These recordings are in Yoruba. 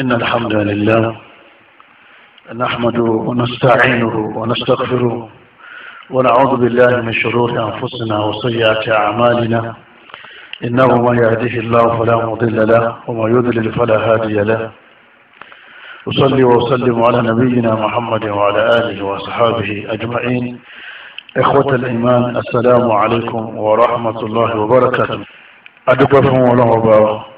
إن الحمد لله نحمده ونستعينه ونستغفره ونعوذ بالله من شرور أنفسنا وسيئات أعمالنا إنه من يهده الله فلا مضل له ومن يضلل فلا هادي له أصلي وأسلم على نبينا محمد وعلى آله وأصحابه أجمعين إخوة الإيمان السلام عليكم ورحمة الله وبركاته أدبكم فهم الله وبركاته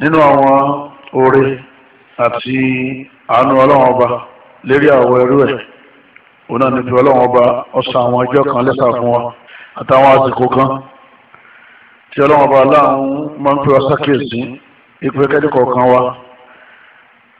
nínú àwọn oore àti àánú ọlọ́wọ́n ọba lérí àwọn ẹrú ẹ̀ òun náà níbi ọlọ́wọ́n ọba ọ̀sán àwọn ọjọ́ kan lẹ́sà fún wa àtàwọn àsìkò kan tí ọlọ́wọ́n ọba aláàrún máa ń pè wá sákèésí ìpè kẹ́díkọ̀ kan wa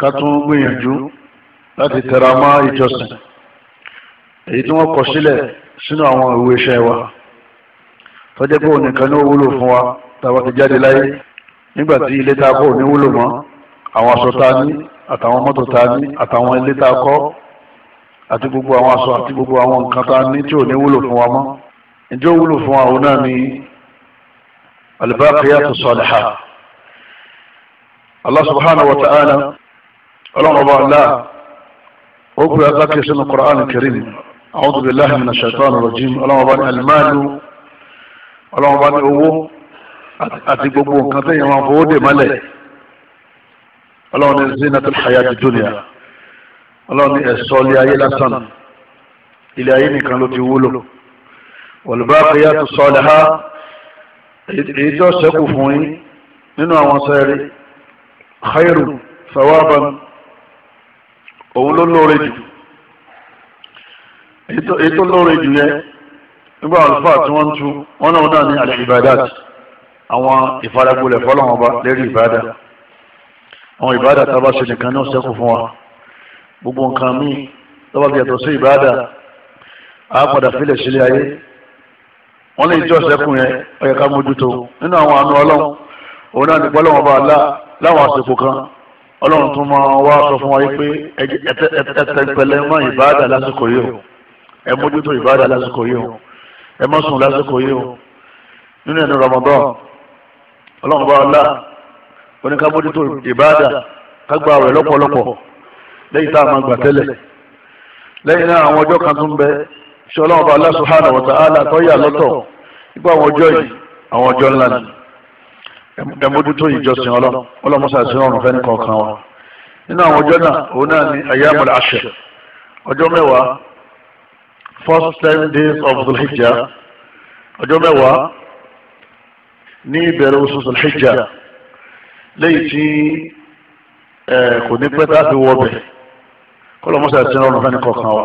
ká tún gbìyànjú láti tẹra mọ́ ìjọsìn èyí tí wọ́n kọ sílẹ̀ sínú àwọn ìwé iṣẹ́ wa tọ́jẹ́ pé òun nìkan ní ó wúlò fún wa tàbá ti jáde láyé nígbà tí ilé tá a kọ́ ò ní wúlò mọ́ àwọn aṣọ tá a ní àtàwọn mọ́tò tá a ní àtàwọn ilé tá a kọ́ àti gbogbo àwọn aṣọ àti gbogbo àwọn nǹkan tá a ní tí ò ní wúlò fún wa mọ́ ǹjẹ́ ó wúlò fún wa òun náà ni albaqiyatu salihah Allah subhanahu wa ta'ala ọlọ́run ọba ọ̀la ó gbé agbáke sínú Qur'an Karim a'udhu billahi minash shaitanir rajim ọlọ́run ọba ní alimáàlú ọlọ́run ọba ní owó àti gbogbo nǹkan tó yẹn wọn fowó dè mọ́lẹ̀ ọlọ́run ní zinatul hayati dunya ọlọ́run ní ẹ̀sọ́ ilé ayé lásán ilé ayé nìkan ló ti wúlò wal baqiyatu saliha èyí tó ṣẹ́kù fún yín nínú àwọn sẹ́ẹ̀rí khairu sawaban òun ló lóore jù èyí tó lóore jù yẹn nígbà àlùfáà tí wọ́n ń tu wọ́n náà náà ní al-ibadat àwọn ìfaragbolẹ̀ fọlọ́wọn ba lérí ìbáda àwọn ìbáda tábà ṣe nìkan náà ṣẹ́kù fún wa gbogbo nǹkan míì lọ́wọ́ bí yàtọ̀ sí ìbáda a padà filẹ̀ sílé ayé wọ́n lè jọ́ ṣẹ́kù yẹn ó yẹ ká mójútó nínú àwọn àánú ọlọ́run òun náà nípa ọlọ́run ọba àlá láwọn àsìkò kan ọlọ́run tún máa wá sọ fún wa yìí pé ẹtẹ̀pẹ̀lẹ̀ mọ́ ìbáda lásìkò yìí o ẹ mójútó ìbáda lásìkò yìí o ẹ má sùn lásìkò yìí o nínú ẹni Ramadan ọlọ́run bá ọlá oníkàbójútó ìbáàdà kágbá rẹ̀ lọ́pọ̀lọpọ̀ lẹ́yìn tá a máa gbà tẹ́lẹ̀ lẹ́yìn náà àwọn ọjọ́ kan tún bẹ ṣé ọlọ́run bá Allah subhanahu wa ta'ala tó yà lọ́tọ̀ nípa àwọn ọjọ́ yìí àwọn ọjọ́ ńlá ni ẹ̀mójútó ìjọsìn ọlọ́run ọlọ́mọṣà sí ọ̀run fẹ́ni kọ̀ọ̀kan wa nínú àwọn ọjọ́ náà òun náà ni ayyamul ashr ọjọ́ mẹ́wàá first ten days of the Hijjah ọjọ́ mẹ́wàá ní ìbẹ̀rẹ̀ oṣù sọ̀lẹ́jà lẹ́yìn tí eh, kò ní pẹ́ tá a fi wọ bẹ̀ kọ́lọ́mọ́sá ti rọrùn fẹ́ni kọ̀ọ̀kan wa.